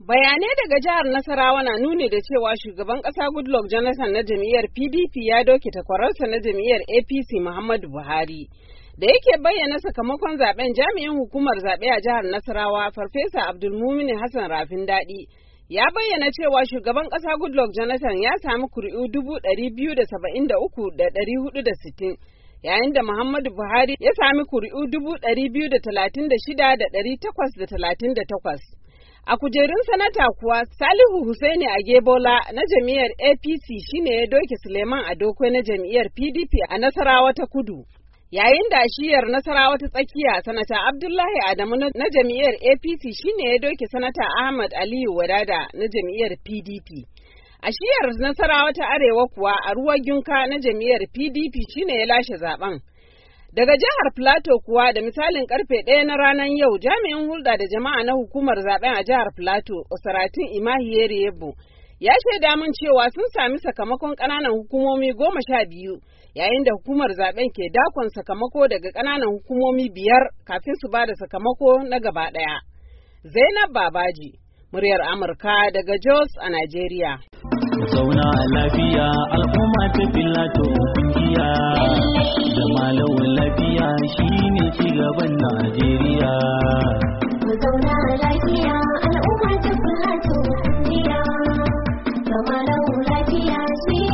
Bayanai daga jihar Nasarawa na nuni da cewa shugaban ƙasa Goodluck Jonathan na jam'iyyar PDP ya doke takwararsa na jam'iyyar APC Muhammadu Buhari. Da yake bayyana sakamakon zaben jami'in hukumar zaɓe a jihar Nasarawa Farfesa Abdulmumin Hassan Rafin Daɗi ya bayyana cewa shugaban ƙasa Goodluck Jonathan ya sami kuri'u dubu ɗari biyu da saba'in da uku da ɗari hudu da sittin. yayin da Muhammadu Buhari ya sami kuri'u dubu ɗari biyu da talatin da shida da ɗari takwas da talatin da takwas. A kujerun sanata kuwa Salihu Hussaini Agebola na jam'iyyar APC shine ya doke Suleiman Adokwe na jam'iyyar PDP a Nasarawa ta Kudu. Yayin da shiyar Nasarawa ta tsakiya sanata Abdullahi Adamu na jam'iyyar APC shine ya doke sanata Ahmad Aliyu Wadada na jam'iyyar PDP. A shiyar Nasarawa ta Arewa kuwa a ruwa Ginka na jam'iyyar PDP shine ya lashe zaben. Daga jihar Plateau kuwa da misalin karfe ɗaya na ranar yau jami'in hulɗa da jama'a na hukumar zaben a jihar Plateau, Osaratin Imahiyeri Yebo, ya shaida min cewa sun sami sakamakon ƙananan hukumomi goma sha biyu yayin da hukumar zaben ke dakon sakamako daga ƙananan hukumomi biyar kafin su ba da sakamako na gaba ɗaya. Zainab Babaji, muryar Amurka daga Jos a Najeriya. Zauna a lafiya al'umma ta Plateau kungiya da lafiya shine cigaban Najeriya. Mu zauna lafiya al'umma ta fi lafiya, zama lafiya su